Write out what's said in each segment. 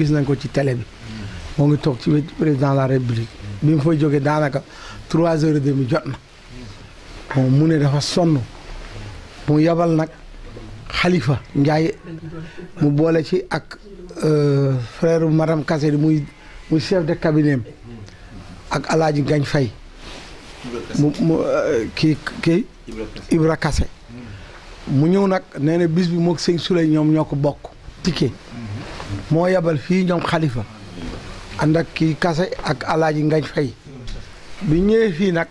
gis nañ ko ci tele bi moo ngi toog ci président de la république bi mu fay jógee daanaka trois heures et mu jot na bon mu dafa sonn mu yabal nag xalifa Ndiaye mu boole ci ak euh, frère madame Kassé muy muy chef de cabinet ak alaaji Gagne Faye mu mu euh, kii Ibra Kassé mu ñëw nag nee bis bi moog sëñ Souley ñoom ñoo ko bokk ticket moo yabal fii ñoom xalifa ànd ak kii kase ak alaaji ngañ fay bi ñëwee fii nag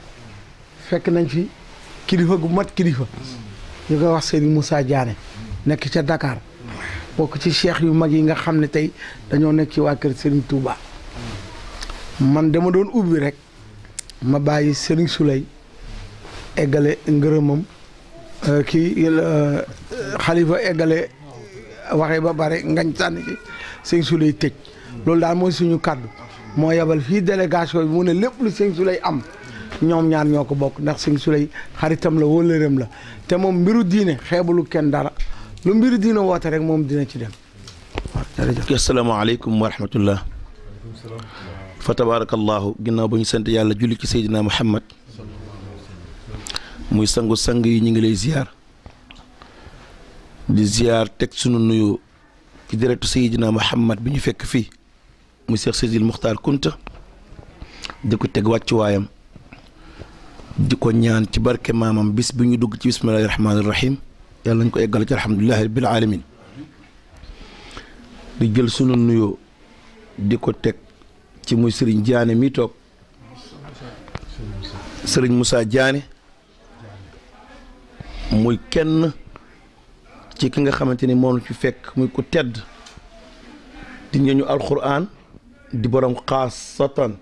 fekk nañ fi kilifa gu mat kilifa ñu koy wax Serigne Moussa jaane nekk ca dakaar bokk ci cheikh yu mag yi nga xam ne tey dañoo nekk ci waa kër Serigne Touba man dama doon ubbi rek ma bàyyi Serigne Souley eggale ngërëmam euh, kii xalifa euh, eggale waxee ba bare ngañ sànni ci sëñ Souley tëj loolu daal mooy suñu kàddu moo yebal fii délégation bi mu ne lépp lu sëñ Souley am ñoom ñaar ñoo ko bokk ndax sëñ Souley xaritam la wóllëreem la te moom mbiru diine xeebulu kenn dara lu mbiru diine woote rek moom dina ci dem waaw jërëjëf asalaamaaleykum wa rahmatullah fa tabaarakallaahu ginnaaw ba ñu sant yàlla julli ci Seydina Muhammad muy sangu sang yi ñu ngi lay ziyaar di ziar teg sunu nuyoo ci deretu Seydina Muhammad bi ñu fekk fii mu Cheikh Sidil Muxtaar Kunta di ko teg wàccuwaayam di ko ñaan ci barke maamam bis bi ñu dugg ci bismillahi rahmaani rahim yàlla nañ ko eggal ci alhamdulillahi rabbil alamin di jël sunu nuyoo di ko teg ci muy sëriñ jaane mi toog sëriñ Moussa jaane muy kenn ci ki nga xamante ni moom fi fekk muy ku tedd di ñëñu alquran di borom xaasatan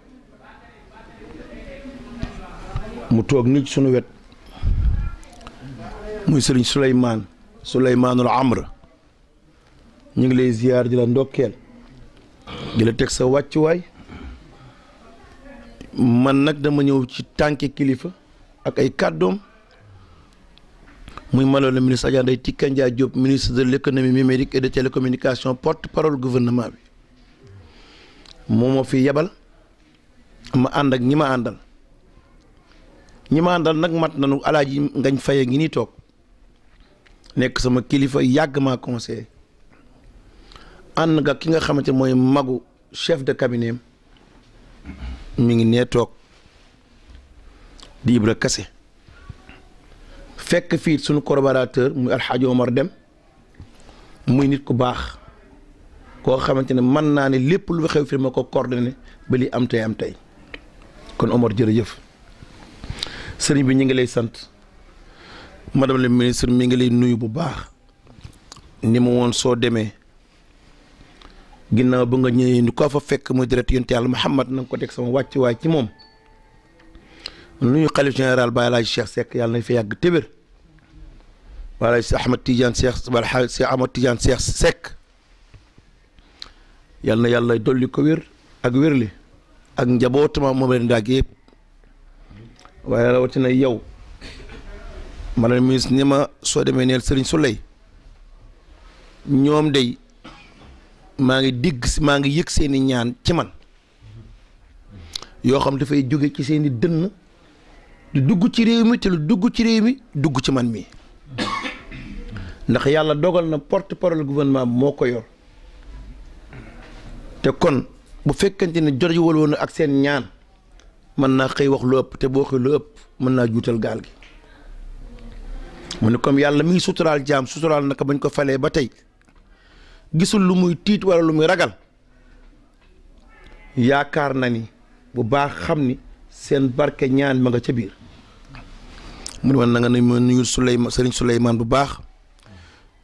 mu toog nit suñu wet muy sëriñ Souleymane Souleymaanul Amr ñu ngi lay ziyaar di la ndokkeel di la teg sa wàccuwaay man nag dama ñëw ci tànki kilifa ak ay kàddoom muy maloon le ministre Adja Ndeye Tické Ndiaye ministre de l' économie numérique et de télécommunication porte parole gouvernement bi moom moo fi yebal ma ànd ak ñi ma àndal ñi ma àndal nag mat nañu alaaji ngañ faye ngi ni toog nekk sama kilifa yàgg maa conseillé ànd nga ki nga xamante mooy magu chef de cabinet mi ngi nee toog di Ibra Kase fekk fii suñu collaborateur muy alxaaji Omar Dem muy nit ku baax koo xamante ne mën naa ne lépp lu xew fi ma ko coordonné ba li am tey am tey kon Omar jërëjëf sëriñ bi ñu ngi lay sant madame la ministre mi ngi lay nuyu bu baax ni mu woon soo demee ginnaaw ba nga ñëwee ni ko fa fekk muy direct yonent yàlla Muhammad na nga ko teg sama wàcc waay ci moom nuyu xalif général Baye Alaaji Cheikh Seck yàlla nañ fi yàgg téwér wala si Ahmad Tidiane Cheikh wala si Ahmad Tidiane Cheikh Seck yal na yàlla dolli ko wér ak wérli ak njabootuma moom leen waaye rawatina yow madame ministre ni ma soo demee neel sëriñ Souley ñoom day maa ngi digg maa ngi yëg seeni ñaan ci man yoo xam dafay jóge ci seeni dënn du dugg ci réew mi te lu dugg ci réew mi dugg ci man mii ndax yàlla dogal na porte parole gouvernement bi moo ko yor te kon bu fekkente ne jot wal woon ak seen ñaan mën naa xëy wax lu ëpp te boo xëy lu ëpp mën naa juutal gaal gi mu ne comme yàlla mi ngi suturaal jaam suturaal naka bañ ko falee ba tey gisul lu muy tiit wala lu muy ragal yaakaar na ni bu baax xam ni seen barke ñaan ma nga ca biir mu ne woon na nga ne ma nuyu Souleymane Sëriñ Souleymane bu baax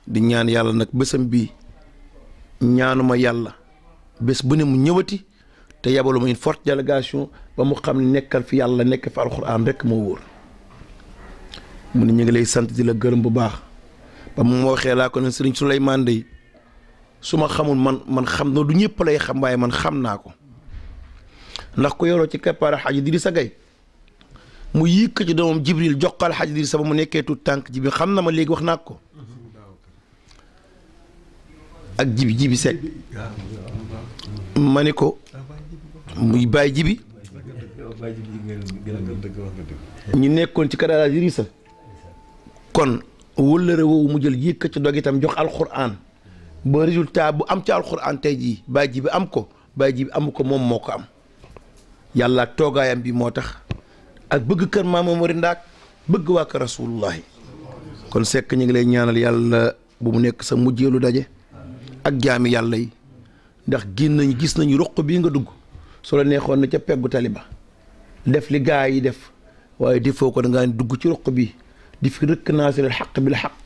di ñaan yàlla nag bésam bii ñaanuma yàlla bés bu ne mu ñëwati te yabalu ma une forte délégation ba mu xam nekkal fi yàlla nekk fi alxuraan rek moo wóor mu ne ñu ngi lay sant di la gërëm bu baax ba mu ma waxee laa ko ne sëriñ Souleymane dey su ma xamul man man xam na du ñëpp lay xam waaye man xam naa ko ndax ko yoroo ci keppaar Alxaaji Idrissa Gay mu yëkk ci doomam Jibril jox ko Alxaaji sa ba mu nekkee tuut tànk ji bi xam na ma léegi wax naa ko ak jibi jibi sekk ma ni ko muy bàyyi jibi ñu nekkoon ci kadara yi sa kon wëllëre woowu mu jël yëkka ci dog itam jox alxuraan ba résultat bu am ci alxuraan tey jii bàyyi jibi am ko bàyyi jibi amu ko moom moo ko am yàlla toogaayam bi moo tax ak bëgg kër maama Mori Ndaak bëgg waa kër rasulullahi kon sekk ñu ngi lay ñaanal yàlla bu mu nekk sa mujjeelu daje ak jaami yàlla yi ndax génn nañ gis nañu ruq bii nga dugg soo la neexoon na ca peggu tali ba def li gaa yi def waaye defoo ko da ngaa dugg ci ruq bi di fi rëkk naasiril xaq la xaq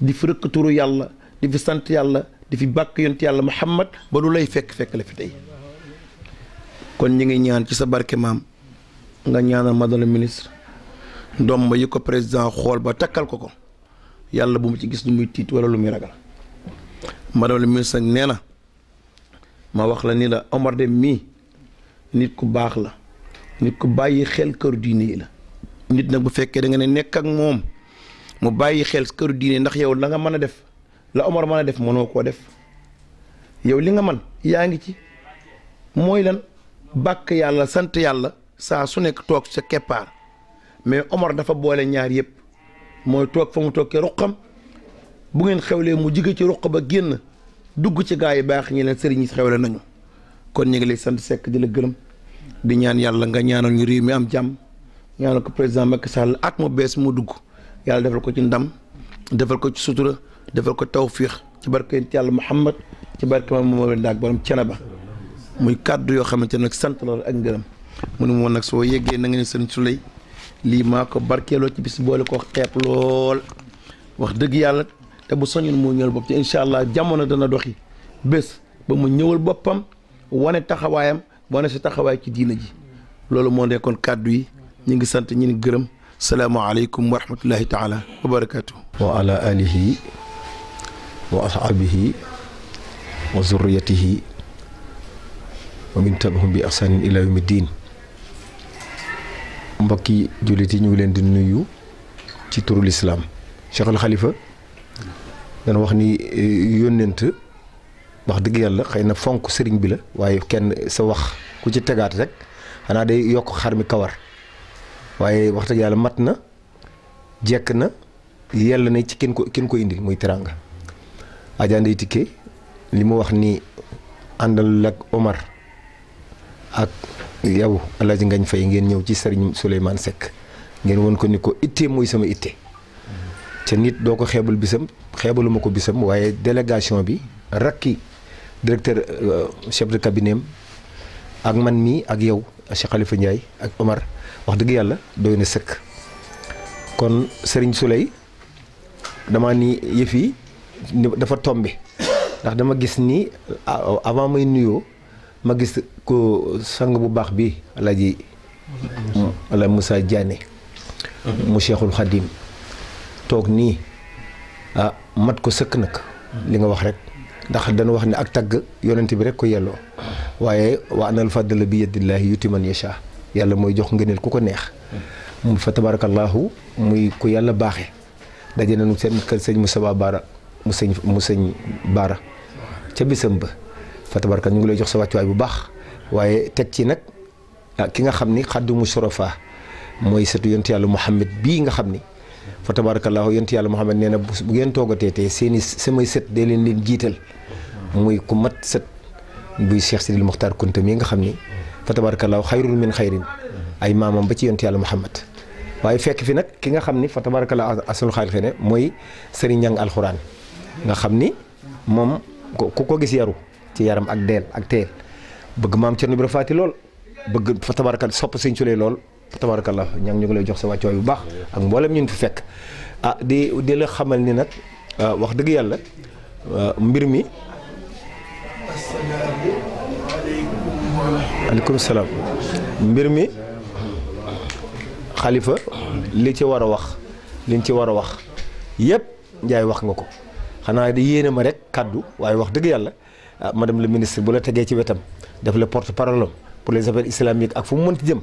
di fi rëkk turu yàlla di fi sant yàlla di fi bàkk yont yàlla muhammad ba lu lay fekk fekk la fi tey kon ñu ngi ñaan ci sa barke maam nga ñaanal madame ministre ma yi ko président xool ba takkal ko ko yàlla bu mu ci gis lu muy tiit wala lu muy ragal madame la ministre nee na ma wax la ni la Omar Dem mii nit ku baax la nit ku bàyyi xel këru diine yi la nit nag bu fekkee da nga ne nekk ak moom mu bàyyi xel këru diine ndax yow la nga mën a def la Omar mën a def mënoo koo def yow li nga man yaa ngi ci mooy leen bàkk yàlla sant yàlla saa su nekk toog sa keppaar mais omor dafa boole ñaar yëpp mooy toog fa mu toog ke ruqam bu ngeen xewlee mu jige ci ruq ba génn dugg ci gaa yi baax ñi leen sëriñ yi xewle nañu kon ñu lay sant sekk di la gërëm di ñaan yàlla nga ñaanal ñu réew mi am jàmm ñaanal ko président Macky Sall at mu bees mu dugg yàlla defal ko ci ndam defal ko ci sutura defal ko tawfiix ci barke yonent yàlla Muhammad ci barke ma moom ndaag borom ba muy kàddu yoo xamante nag sant la ak ngërëm mu nag soo yeggee na nga ne sëriñ Suley lii maa ko barkeeloo ci bis boole ko xeeb lool wax dëgg yàlla te bu soñoon moo ñëwal bopp ci incha allah jamono dana doxi bés ba mu ñëwal boppam wane taxawaayam wane si taxawaay ci diina ji loolu moo nekkoon kàddu yi ñu ngi sant ñu ngi gërëm salaamaaleykum wa rahmatullahi taala wa barakaatu. wa ala alihi wa ashaabihi wa zurriyatihi wa min tabi'ahum bi yi ñu ngi leen di nuyu ci turu lislaam Cheikh xalifa dana wax ni eh, yónnent wax dëgg yàlla xëy na fonk sëriñ bi la waaye kenn sa wax ku ci tegaat rek xanaa day yokk xar mi kawar waaye wax dëgg yàlla mat na jekk na yell na ci kin ko kin indil muy teraanga Adja Ndeye Tické li mu wax ni àndal ak Omar ak yow Alaaji Ngañ Fay ngeen ñëw ci sëriñ Souleymane Seck ngeen won ko ni ko ittee mooy sama ittee ca nit doo ko xeebal bisam xeebaluma ko bisam waaye délégation bi rakki directeur euh, chef de cabinet ak man mii ak yow Cheikh Khalifa Ndiaye ak Omar wax dëgg yàlla doy na sëkk kon Serigne Souley dama ni yëf yi dafa tombe ndax dama gis ni avant may nuyoo ma gis ko sang bu baax bi Alaaji Ala Moussa Diané mu Cheikhul Khadim toog nii ah, mat ko sëkk nag li nga wax rek ndax dañu wax ne ak tagg yonent bi rek ko yelloo waaye wa anal fadla bi yadillaahi yuti man yasha yàlla mooy jox ngëneel ku ko neex mu fa tabarakallahu muy ku yàlla baaxee daje nañu seen kër sëñ Moussa Baara mu sëñ mu sëñ Baara ca bisam ba fa tabaraka ñu ngi lay jox sa wàccuwaay bu baax waaye teg ci nag ah, ki nga xam ni xaddu mu sorofa mooy setu yonent yàlla Muhammad bii nga xam ni fa tabaarakallaahu yonent yàlla Muhammad nee na bu ngeen toogatee tey seen i samay sët dee leen leen jiital muy ku mat set buy Cheikh lu Mokhtar Kounta mii nga xam ni fa tabaarakallaahu xayrul min xayrin ay maamam ba ci yonent yàlla Muhammad waaye fekk fi nag ki nga xam ni fa tabaarakallaahu asul xaalis mooy Serigne Ñang alxuraan nga xam ni moom ku ko gis yaru ci yaram ak deel ak teel bëgg maam Cerno Ibra Faati lool bëgg fa tabaarakallaahu sopp Sëñ Sulee lool tabarakallah la ngi ñu ngi lay jox sa wàccuwaay bu baax ak mu ñun fi fekk ah di di la xamal ni nag ah, wax dëgg yàlla ah, mbir mi aleykum mbir mi xalifa li ci war a wax liñ ci war a wax yëpp njaay wax nga ko xanaa di yéene ma rek kàddu waaye wax dëgg yàlla ah, madame la ministre bu la tegee ci wetam def la porte parole pour les affaires islamiques ak fu mu mënti jëm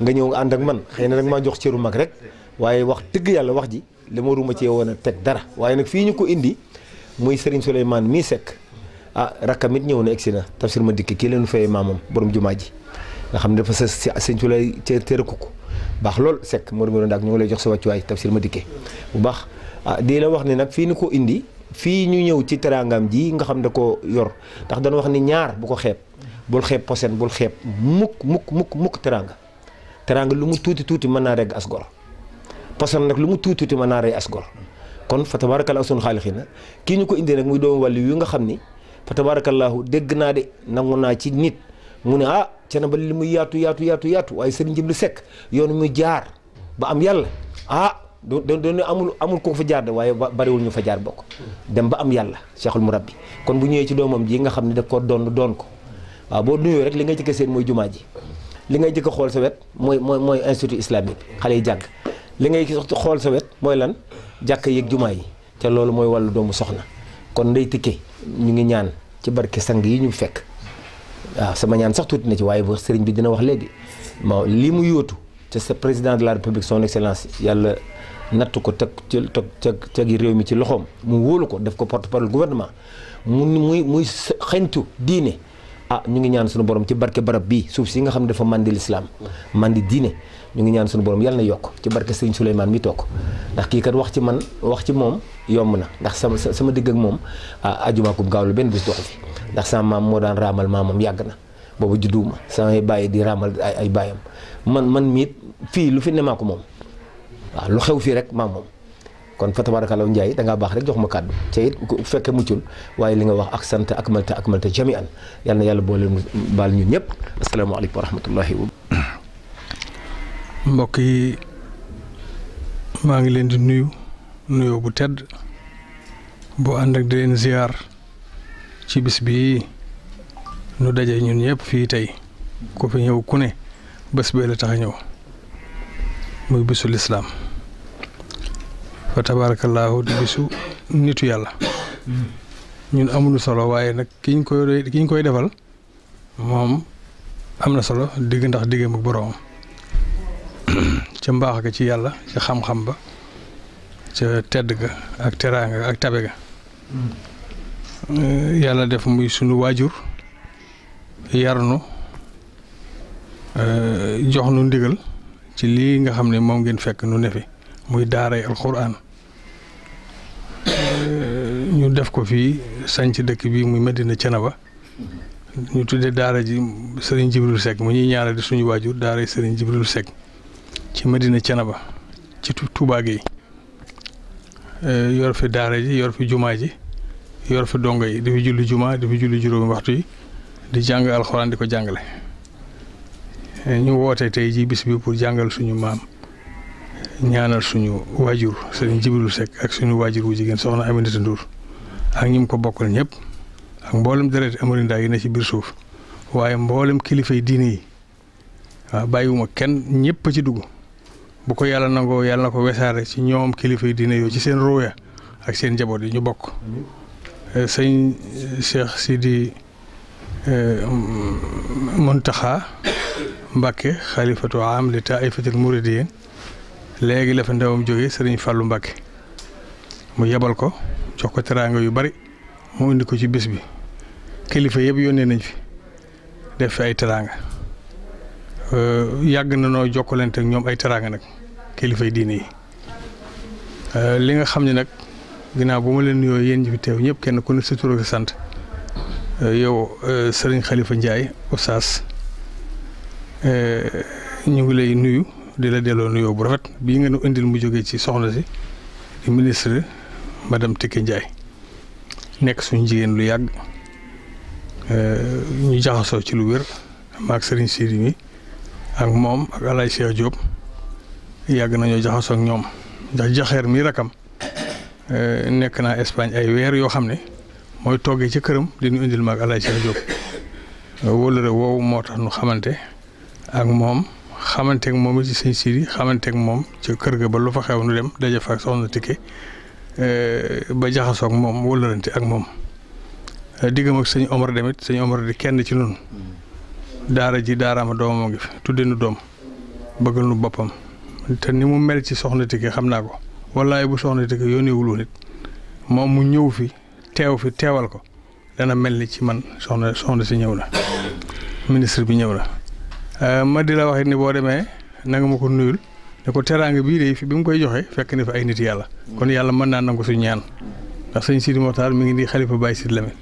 nga ñëw nga ànd ak man xëy na nag maa jox cëru mag rek waaye wax dëgg yàlla wax ji li ma ruma cee woon a teg dara waaye nag fii ñu ko indi muy Serigne Souleymane mii Seck ah rakkam it ñëw na egsi na tafsir ma dikk kii leen fayee maamam borom jumaa ji nga xam ne dafa sa si sëñ Souley ca tërakuku baax lool Seck moo doon daal ñu ngi lay jox sa wàccuwaay tafsir ma dikkee bu baax ah di la wax ne nag fii ñu ko indi fii ñu ñëw ci teraangam ji nga xam da ko yor ndax dañu wax ni ñaar bu ko xeeb. bul xeeb posen bul xeeb mukk mukk mukk mukk teraanga teraanga lu mu tuuti tuuti mën naa regg as gor posen nag lu mu tuuti tuuti mën naa rey as gor kon fa tabaarakallaahu sunu xaalixina kii ñu ko indi nag muy doomu wàllu yu nga xam ni fa tabaarakallaahu dégg naa de nangu naa ci nit mu ne ah cene ba li muy yaatu yaatu yaatu yaatu waaye sëriñ Jibril Sekk yoonu muy jaar ba am yàlla ah do doon amul amul ko fa jaar de waaye bariwul ñu fa jaar bokk dem ba am yàlla Cheikhul Murabbi kon bu ñëwee ci doomam ji nga xam ne daf ko doon doon ko waa boo nuyoo rek li ngay jëkk seen mooy jumaa ji li ngay jëkk xool sa wet mooy mooy mooy institut islamique xale yi jàng li ngay xool sa wet mooy lan jàkk yeeg jumaa yi ca loolu mooy wàllu doomu soxna kon Ndeye Tické ñu ngi ñaan ci barke sang yi ñu fekk waaw sama ñaan sax tuuti na ci waaye bo sëriñ bi dina wax léegi ma li mu yootu te sa président de la république son excellence yàlla natt ko teg ci teg tegi réew mi ci loxoom mu wóolu ko def ko porte-parole gouvernement mu muy muy xentu diine ah ñu ngi ñaan suñu borom ci barke barab bi suuf si nga xam ne dafa mandi lislaam mandi diine ñu ngi ñaan suñu borom yàlla na yokk ci barke sëriñ Souleymane mi toog ndax kii kat wax ci man wax ci moom yomb na ndax sama sama digg ak moom ah ajumaakub gaaw la benn bis dox fi ndax sama maam moo daan raamal maamam yàgg na boobu judduwuma samay bàyyi di raamal ay ay bàyyam man man miit fii lu fi ne ko moom waaw lu xew fii rek maa moom kon fa tabaarakallaa Ndiaye da ngaa baax rek jox ma kàddu te it bu fekkee muccul waaye li nga wax ak sant ak malta ak malta jamian yal na yàlla boole baal ñun ñëpp asalaamaaleykum wa rahmatullahi wa mbokk yi maa ngi leen di nuyu nuyoo bu tedd bu ànd ak di leen ziar ci bis bi nu daje ñun ñëpp fii tey ku fi ñëw ku ne bés bee la tax ñëw muy bisu lislaam fa tabaarakallaahu di bisu nitu yàlla ñun amul solo waaye nag kiñ ñu koy koy defal moom am na solo digg ndax diggam ak boroomam ca mbaax ga ci yàlla ca xam-xam ba ca tedd ga ak teraanga ak tabe ga yàlla def muy sunu waajur yar nu eh, jox nu ndigal ci lii nga xam ne moom ngeen fekk nu ne muy daaray alquran ñu def ko fii sanc dëkk bi muy Medina Cenaba ñu tuddee daara ji Serigne Jibril Seck mu ñuy ñaara di suñu waajur daaray Serigne Jibril Seck ci Medina Cenaba ci Touba gi yor fi daara ji yor fi jumaa ji yor fi dongo yi di fi julli jumaa di fi julli juróomi waxtu yi di jàng alxuraan di ko jàngale ñu woote tey jii bis bi pour jàngal suñu maam ñaanal suñu waajur sëriñ Jibril Seck ak suñu waajur wu jigéen soxna Aminata Ndour ak ñi ko bokkal ñépp ak mboolem deret amarindaa yi ne ci biir suuf waaye mboolem kilifa yi diine yi waaw bàyyiwuma kenn ñëpp a ci dugg bu ko yàlla nangoo yàlla na ko wesaare ci ñoom kilifa yi diine yooyu ci seen ruuya ak seen njaboot yi ñu bokk. Eh, sëñ eh, si di eh, Muntaxa Mbacke xalifatu am li taifatil muridiyeen léegi la fa ndawam jóge sëriñ fàllu Mbacke mu yebal ko jox ko teraanga yu bari mu indi ko ci bis bi kilifa yëpp yónnee nañ fi def fi ay teraanga yàgg na noo jokkalante ak ñoom ay teraanga nag kilifa yi diine yi li nga xam ne nag ginnaaw bu ma leen nuyoo yéen ñi fi teew ñëpp kenn ku ne sa tur ak sant yow sëriñ Khalifa Ndiaye oustaz ñu ngi lay nuyu. di la delloo nuyoo bu rafet bii ngeen indil mu jógee ci soxna si di ministre madame Tike nekk suñ jigéen lu yàgg ñu jaxasoo ci lu wér maak Serigne Sidi mi ak moom ak El Hadj Cheikh yàgg nañoo jaxasook ak ñoom ndax jaxeer mi rakam nekk naa Espagne ay weer yoo xam ne mooy toggee ci këram dinu ñu indil maak El Hadj Cheikh Diop wóllare woowu moo tax nu xamante ak moom. xamanteeg moom ci sëñ Sidi xamanteeg moom ci kër gi ba lu fa xew nu dem daje fa ak soxna Tické eh, ba jaxasoo ak moom wëllarante ak moom diggam ak sëñ omor demit sëñ Omar di kenn ci nun daara ji daaraama doomam ngi fi tudde nu doom bëggal nu boppam te ni mu mel ci soxna Tické xam naa ko wallaay bu soxna Tické yónneewul woon it moom mu ñëw fi teew fi teewal ko dana mel ni ci man soxna soxna si ñëw la ministre bi ñëw la Euh, ma di la wax ni boo demee nanga ma ko nuyul ne ko teraanga bii de fi bi mu koy joxe fekk ni fa ay nit yàlla. kon yàlla mën naa nangu suñu ñaan. ndax sëñ moo Mokhtar mi ngi di xalifa Baye Sidi Lamine.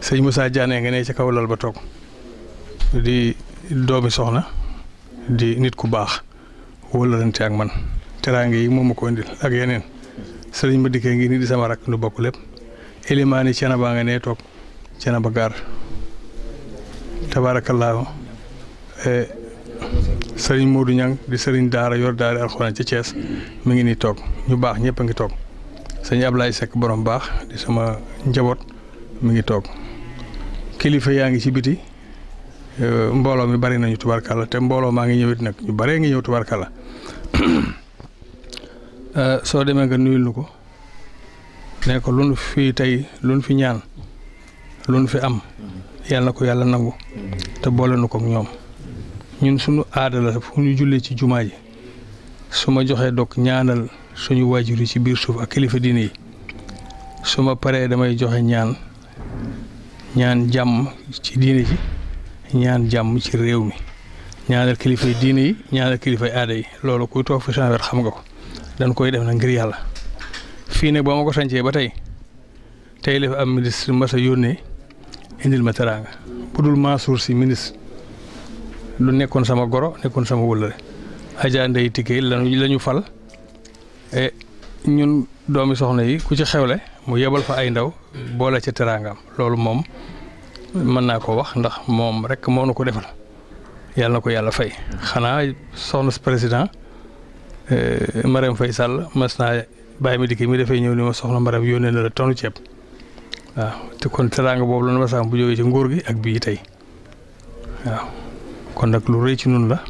sëñ Moussa Diané nga ne kaw lal ba toog di doomi di nit ku baax wóolalante ak man teraanga yi moom ma ko indil ak yeneen sëriñ ma dikkee ngi nii di sama rakk nu bokk lépp élimaani cana baa nga nee toog cana ba gaar tabaarakallaahu Eh, sëriñ moodu Niang di sëriñ daara yor daara alxuraan ci Thiès mi ngi nii toog ñu baax ñëpp a ngi toog sëñ Ablaye sekk borom baax di sama njaboot mi ngi toog kilifa yaa ngi ci biti eh, mbooloo mi bari nañu tubarkalla te mbooloo maa ngi ñëwit nag ñu baree ngi ñëw tubarkalla eh, soo demee nga nuyul nu ko ne ko lu nu fi tey lu nu fi ñaan lu nu fi am yàlla ko yàlla nangu te boole nu ko ñoom. ñun suñu aada la fu ñu jullee ci jumaa ji su ma joxee dog ñaanal suñu waajur yi ci biir suuf ak kilifa diine yi su ma paree damay joxe ñaan ñaan jàmm ci diine ji ñaan jàmm ci réew mi ñaanal kilifay diine yi ñaanal kilifay aada yi loolu kuy toog fi sama wet xam nga ko dañ koy def na ngir yàlla fii nag ba ma ko sancee ba tey tey la fi am ministre Massa yónnee indil ma teraanga bu dul Mansour si ministre lu nekkoon sama goro nekkoon sama wëllëre Adja Ndeye Tické la ñu fal e ñun doomi soxna yi ku ci xewle mu yebal fa ay ndaw boole ca teraangam loolu moom mën naa ko wax ndax moom rek moo nu ko defal yàlla na ko yàlla fay xanaa soxna président e, Marème Faye Sall mas naa bàyyi ma dikki mi dafay ñëw ni ma soxna Marème yónnee na la tonu ceeb waaw te kon teraanga boobu la ma sàmm bu jógee ci nguur gi ak bii tey waaw kon nag lu rëy ci nun la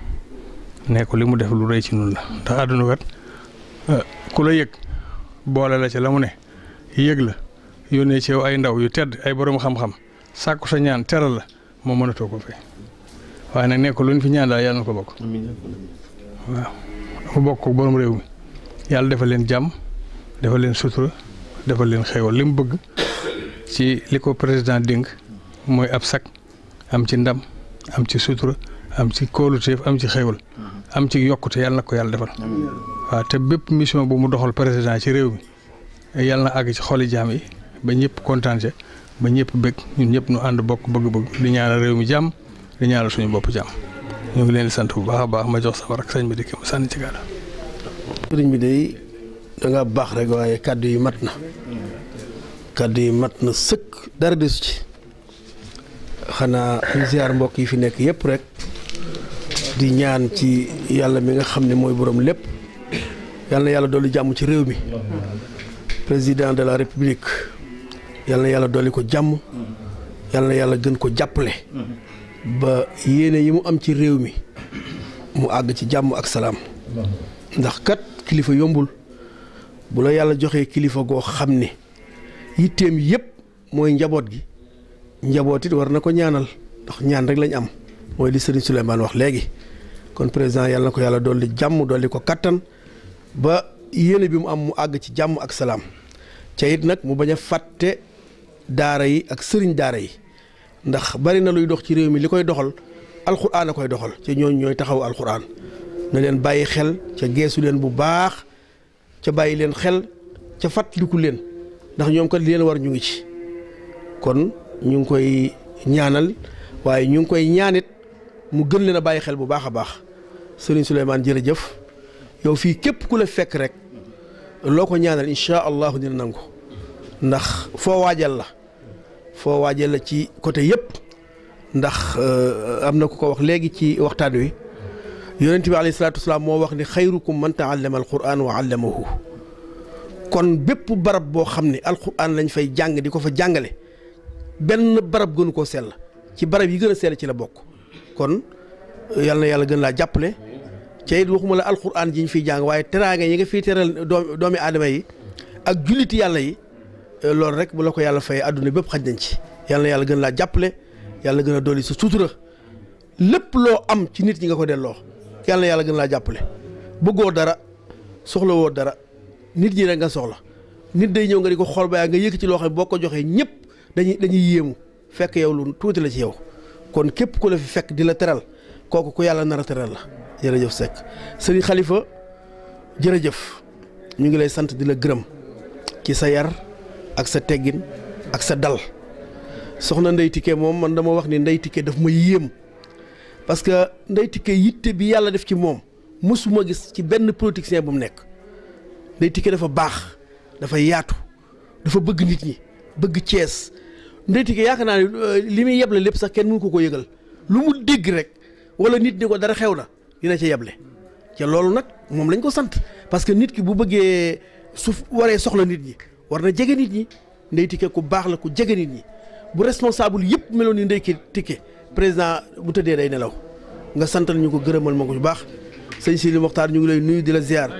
ne ko li mu def lu rëy ci nun la ndax àdduna kat eh, ku la yëg boole la ci la mu ne yëg la yónnee ci yow ay ndaw yu tedd ay borom xam-xam sàkku sa ñaan teral la moo mënatoo ko fay waaye nag ne ko luñ fi ñaan daal yàlla na ko bokk waaw dafa bokk ko borom réew mi yàlla defal leen jàmm defal leen sutura defal leen xéewal li mu bëgg ci li ko président dénk mooy ab sakk am ci ndam am ci sutura am ci koolu kóoluteef am ci xéewal am ci yokkute yàlla na ko yàlla defal waa te bépp mission bu mu doxal président ci réew mi yàlla na àgg ci xoli jaam yi ba ñëpp kontaan ba ñëpp bëgg ñun ñëpp ñu ànd bokk bëgg-bëgg di ñaanal réew mi jàmm di ñaanal suñu bopp jàmm ñu ngi leen di sant bu baax a baax ma jox sama rak sañ bi dikk mu sànni ci gàdda. sëriñ bi day da nga baax rek waaye kàddu yi mat na kàddu yi mat na sëkk dara desu ci xanaa ñu ziar mbokk yi fi nekk yëpp rek. di ñaan ci yàlla mi nga xam ne mooy boroom lépp yàlla na yàlla dolli jàmm ci réew mi président de la république yàlla na yàlla dooli ko jàmm yal na yàlla gën ko jàppale ba yéene yi mu am ci réew mi mu àgg ci jàmm ak salaam ndax kat kilifa yombul bu la yàlla joxee kilifa goo xam ni yitteem yépp mooy njaboot gi njaboot it war na ko ñaanal ndax ñaan rek lañ am mooy li Serigne Souleymane wax léegi kon président yàlla na ko yàlla dolli jàmm dolli ko kattan ba yéene bi mu am mu àgg ci jàmm ak salaam ca it nag mu bañ a fàtte daara yi ak sëriñ daara yi ndax bari na luy dox ci réew mi li koy doxal alxuraan a koy doxal ci ñooñ ñooy taxaw alxuraan na leen bàyyi xel ca geesu leen bu baax ca bàyyi leen xel ca fàttaliku leen ndax ñoom kat li leen war ñu ngi ci kon ñu ngi koy ñaanal waaye ñu ngi koy ñaanit mu gën leen bàyyi xel bu baax a baax sëriñ Souleymane jërëjëf yow fii képp ku la fekk rek loo ko ñaanal incha allahu dina nangu ndax foo waajal la foo waajal la ci côté yëpp ndax euh, am na ku ko wax léegi ci waxtaan wi yonent bi alayhi salaatu wasalaam moo wax ni xayrukum man taallama alquran wa allamahu kon bépp barab boo xam ne alquran lañ fay jàng di ko fa jàngale benn barab gënu koo sell ci barab yi gën a sell ci la bokk kon yal na yàlla gën laa jàppale ca it waxuma la alxuraan ji ñu fiy jàng waaye teraanga yi nga fii teral doomi aadama yi ak julliti yàlla yi euh, loolu rek bu la ko yàlla fayee àdduna bépp xaj nañ ci yàlla na yàlla gën laa jàppale yàlla gën a dolli si sutura lépp loo am ci nit ñi nga ko delloo yàlla na yàlla gën laa jàppale bëggoo dara soxlawoo dara nit ñi rek nga soxla nit day ñëw nga di ko xool ba nga yëkk ci loo xam boo ko joxee ñëpp dañuy dañuy yéemu fekk yow lu tuuti la ci yow kon képp ku la fi fekk di la teral kooku ku yàlla nar a la jërëjëf Seck sëriñ xalifa jërëjëf ñu ngi lay sant di la gërëm ci sa yar ak sa teggin ak sa dal soxna Ndeye Tické moom man dama wax ni Ndeye Tické daf ma yéem parce que Ndeye Tické yitte bi yàlla def ci moom mosuma gis ci benn politicien bu mu nekk Ndeye Tické dafa baax dafa yaatu dafa bëgg nit ñi bëgg Cees Ndeye Tické yaakaar naa ne euh, li muy yeble lépp sax kenn mënu ko ko yëgal lu mu dégg rek wala nit ni ko dara xew na dina ca yeble ca loolu nag moom lañ ko sant parce que nit ki bu bëggee su waree soxla nit ñi war na jege nit ñi Ndeye Tické ku baax la ku jege nit ñi bu responsable yëpp meloon ni Ndeye Tické président bu tëddee day nelaw nga santal ñu ko gërëmal ma ko bu baax sëñ Sidi Mokhtar ñu ngi lay nuyu di la ziar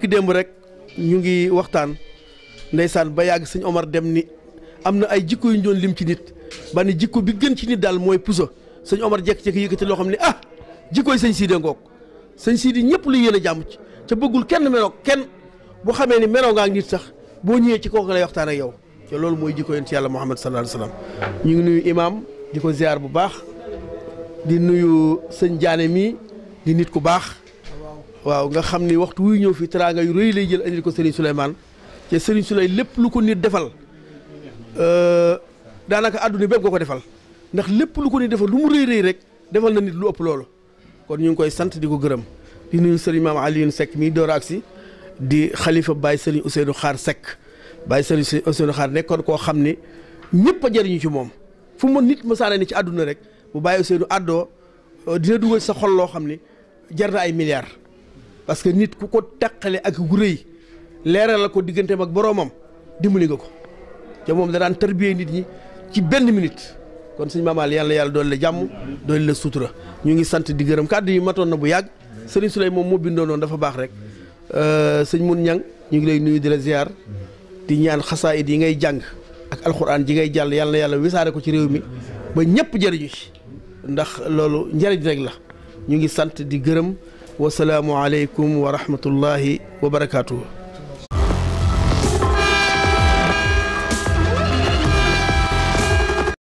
ki démb rek ñu ngi waxtaan saan ba yàgg sëñ Omar dem ni am na ay jikko yu ñu doon lim ci nit ba ne jikko bi gën ci nit daal mooy puso sëñ Omar jekk-jekk yëkkati loo xam ne ah jikkooy sëñ siidee ngoog sëñ siidi ñëpp lu yéen jàmm ci ca bëggul kenn meloog kenn bu xamee ni meloo ngaa nit sax boo ñëwee ci kooku lay waxtaan ak yow te loolu mooy jikko yonent yàlla Muhammad sallallahu alayhi ñu ngi nuyu imaam di ko ziar bu baax di nuyu sëñ jaane mi di nit ku baax waaw nga xam ni waxtu wuy ñëw fi teraanga yu rëy lay jël andil ko Serigne Souleymane te Serigne Souleymane lépp lu ko nit defal euh, daanaka àdduna bépp nga ko defal ndax lépp lu ko nit defal lu rëy rek defal na nit lu loolu kon ñu ngi koy sant di ko gërëm di nuyu sëriñ maam Alioune Seck mii door aksi di xalifa Baye sëriñ Ousseynou Xaar sekk Baye sëriñ Ousseynou Xaar nekkoon koo xam ni ñëpp a jëriñu ci moom fu mu nit mësaane ni ci àdduna rek bu bàyyi Ousseynou àddoo euh, dina dugal sa xol loo xam ni jar na ay milliards. parce que nit ku ko taqale ak gu rëy la ko digganteem ak boroomam dimbali nga ko te moom da daan tarbiyee nit ñi ci benn minute. kon suñu maamaal yàlla yàlla doon la jàmm doon la sutura ñu ngi sant di gërëm kàddu yi matoon na bu yàgg sëriñ Souley moom moo bindoo noonu dafa baax rek euh, sëñ mun ñang ñu ngi lay nuyu di la di ñaan xasaayid yi ngay jàng ak alxuraan ji ngay jàll yàlla na yàlla wisaare ko ci réew mi ba ñëpp jariñu ci ndax loolu njëriñ rekk la ñu ngi sant di gërëm wasalaamualeykum wa rahmatullahi wa barakaatu.